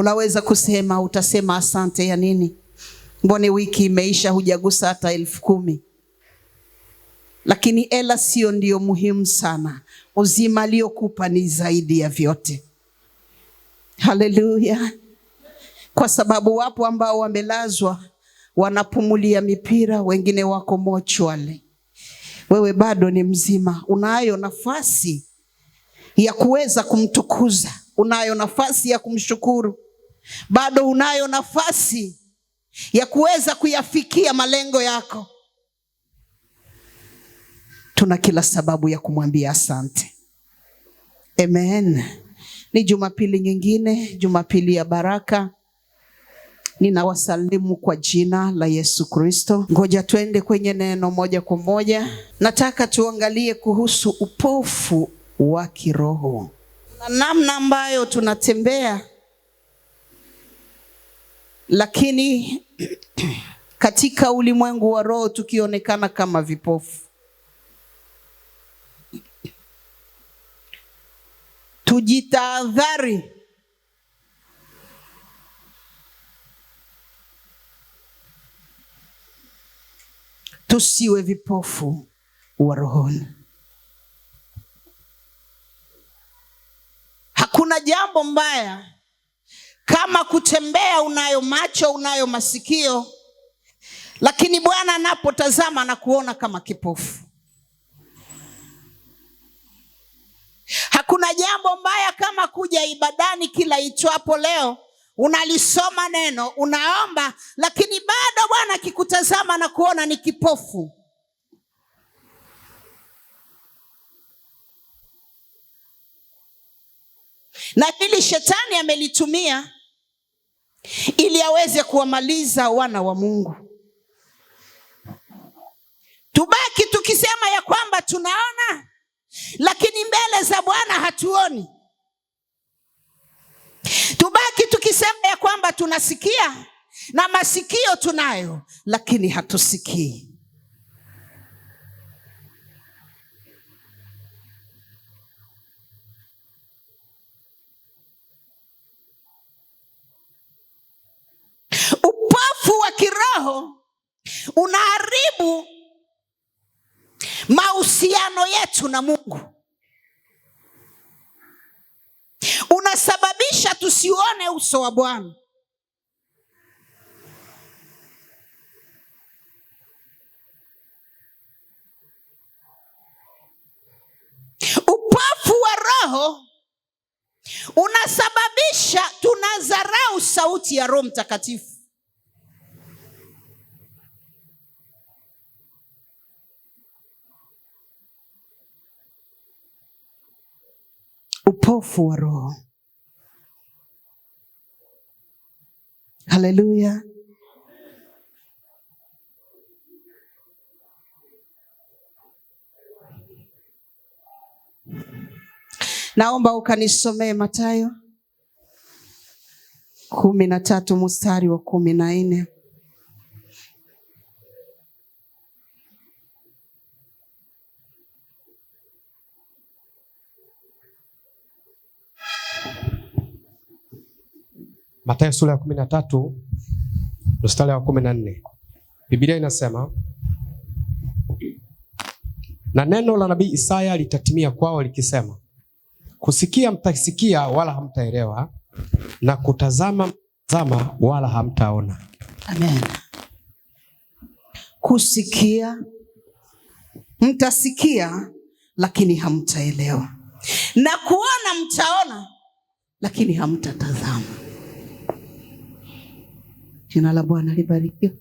Unaweza kusema utasema asante ya nini? Mbone wiki imeisha hujagusa hata elfu kumi. Lakini ela sio ndio muhimu sana. Uzima aliyokupa ni zaidi ya vyote. Haleluya! Kwa sababu wapo ambao wamelazwa wanapumulia mipira, wengine wako mochwale. Wewe bado ni mzima, unayo nafasi ya kuweza kumtukuza, unayo nafasi ya kumshukuru bado unayo nafasi ya kuweza kuyafikia malengo yako. Tuna kila sababu ya kumwambia asante. Amen. Ni Jumapili nyingine, Jumapili ya baraka. Ninawasalimu kwa jina la Yesu Kristo. Ngoja tuende kwenye neno moja kwa moja. Nataka tuangalie kuhusu upofu wa kiroho na namna ambayo tunatembea lakini katika ulimwengu wa roho tukionekana kama vipofu, tujitahadhari tusiwe vipofu wa rohoni. Hakuna jambo mbaya kama kutembea unayo macho, unayo masikio, lakini Bwana anapotazama kuona kama kipofu. Hakuna jambo mbaya kama kuja ibadani kila itwapo leo, unalisoma neno, unaomba, lakini bado Bwana akikutazama na kuona ni kipofu. Na hili shetani amelitumia ili aweze kuwamaliza wana wa Mungu. Tubaki tukisema ya kwamba tunaona, lakini mbele za Bwana hatuoni. Tubaki tukisema ya kwamba tunasikia na masikio tunayo, lakini hatusikii. roho unaharibu mahusiano yetu na mungu unasababisha tusione uso wa bwana upofu wa roho unasababisha tunadharau sauti ya roho mtakatifu upofu wa roho. Haleluya! Naomba ukanisomee Mathayo kumi na tatu mstari wa kumi na nne. Mathayo sura ya kumi na tatu mstari wa kumi na nne Biblia inasema na neno la nabii Isaya litatimia kwao likisema, kusikia mtasikia wala hamtaelewa, na kutazama mtazama wala hamtaona. Amen. Kusikia mtasikia, lakini hamtaelewa, na kuona mtaona, lakini hamtatazama jina la bwana libarikiwe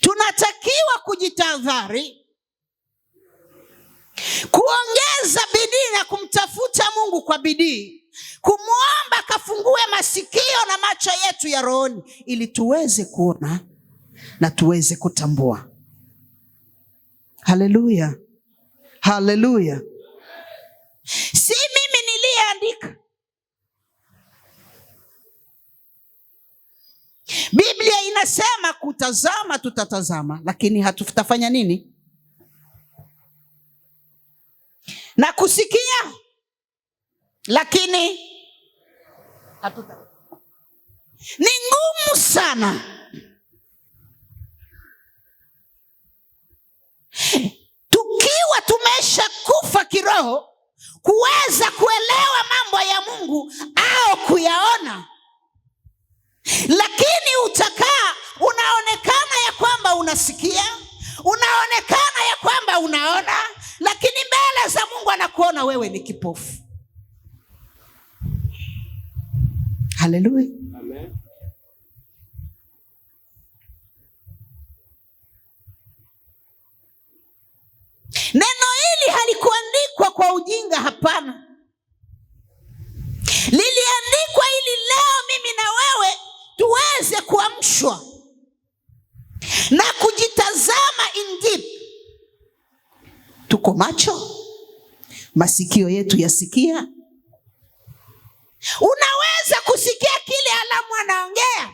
tunatakiwa kujitahadhari kuongeza bidii na kumtafuta mungu kwa bidii kumwomba kafungue masikio na macho yetu ya rohoni ili tuweze kuona na tuweze kutambua haleluya haleluya tumesema kutazama, tutatazama, lakini hatutafanya nini? Na kusikia, lakini hatuta. Ni ngumu sana tukiwa tumesha kufa kiroho kuweza kuelewa mambo ya Mungu au kuyaona, lakini unasikia, unaonekana ya kwamba unaona, lakini mbele za Mungu anakuona wewe ni kipofu. Haleluya, amen. Neno hili halikuandikwa kwa ujinga, hapana yako macho, masikio yetu yasikia. Unaweza kusikia kile alamu anaongea,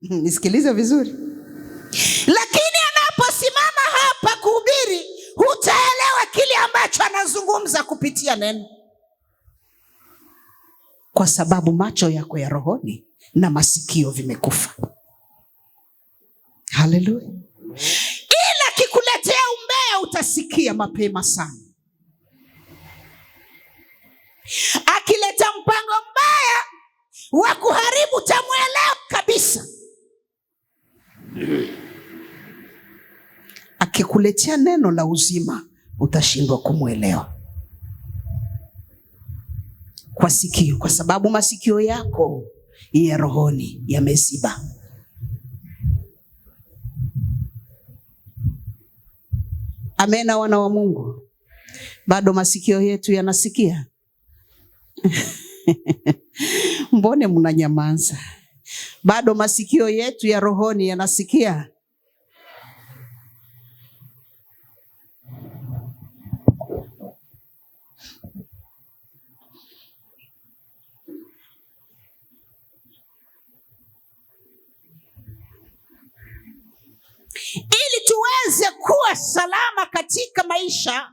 nisikilize vizuri, lakini anaposimama hapa kuhubiri, hutaelewa kile ambacho anazungumza kupitia neno, kwa sababu macho yako ya rohoni na masikio vimekufa. Haleluya! sikia mapema sana. Akileta mpango mbaya wa kuharibu, tamwelewa kabisa. Akikuletea neno la uzima, utashindwa kumwelewa kwa sikio, kwa sababu masikio yako ya rohoni yameziba. Amena, wana wa Mungu, bado masikio yetu yanasikia? Mbone mnanyamaza? Bado masikio yetu ya rohoni yanasikia? Ili tuweze kuwa salama katika maisha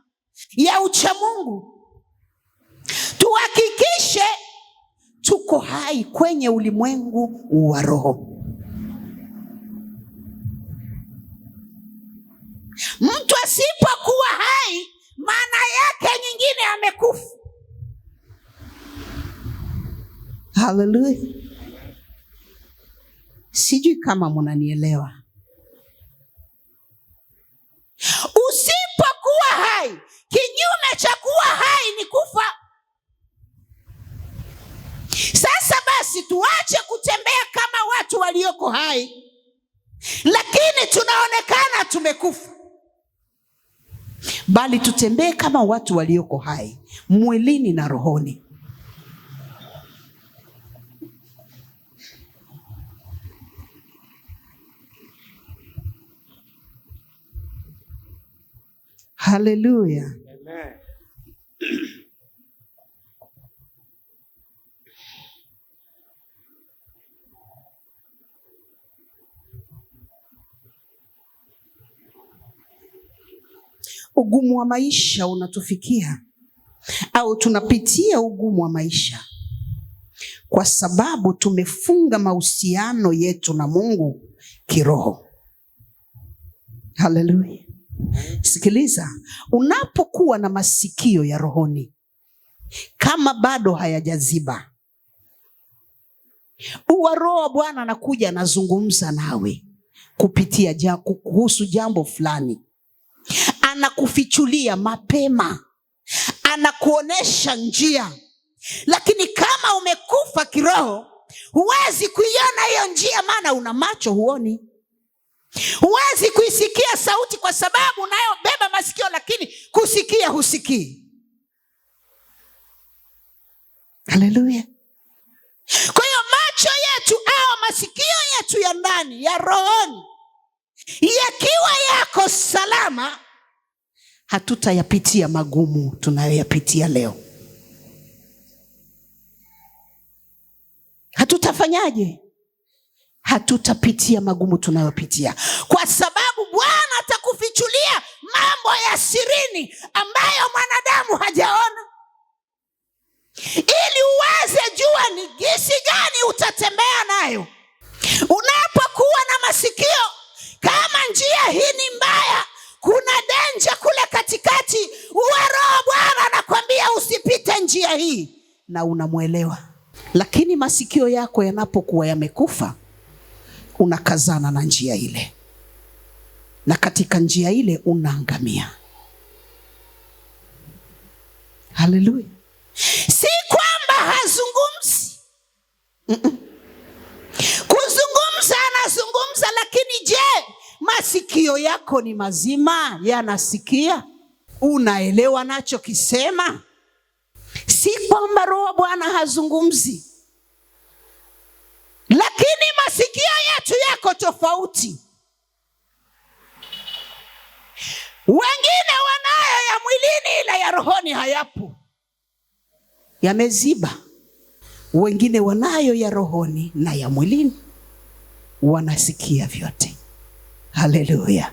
ya uchamungu tuhakikishe tuko hai kwenye ulimwengu wa roho mtu asipokuwa hai maana yake nyingine amekufa haleluya sijui kama munanielewa hai lakini tunaonekana tumekufa bali tutembee kama watu walioko hai mwilini na rohoni haleluya ugumu wa maisha unatufikia au tunapitia ugumu wa maisha kwa sababu tumefunga mahusiano yetu na Mungu kiroho. Haleluya! Sikiliza, unapokuwa na masikio ya rohoni kama bado hayajaziba, uwa Roho wa Bwana anakuja anazungumza nawe kupitia ja, kuhusu jambo fulani anakufichulia mapema anakuonyesha njia lakini kama umekufa kiroho huwezi kuiona hiyo njia maana una macho huoni huwezi kuisikia sauti kwa sababu unayobeba masikio lakini kusikia husikii haleluya kwa hiyo macho yetu au masikio yetu ya ndani ya rohoni yakiwa yako salama hatutayapitia magumu tunayoyapitia leo. Hatutafanyaje? Hatutapitia magumu tunayopitia, kwa sababu Bwana atakufichulia mambo ya sirini ambayo mwanadamu hajaona, ili uweze jua ni gisi gani utatembea nayo. Unapokuwa na masikio kama njia hii ni mbaya kuna denja kule katikati, uwe Roho Bwana anakwambia usipite njia hii, na unamwelewa. Lakini masikio yako yanapokuwa yamekufa, unakazana na njia ile, na katika njia ile unaangamia. Haleluya! si kwamba hazu masikio yako ni mazima, yanasikia, unaelewa nachokisema. Si kwamba roho Bwana hazungumzi, lakini masikio yetu yako tofauti. Wengine wanayo ya mwilini, ila ya rohoni hayapo, yameziba. Wengine wanayo ya rohoni na ya mwilini, wanasikia vyote. Hallelujah.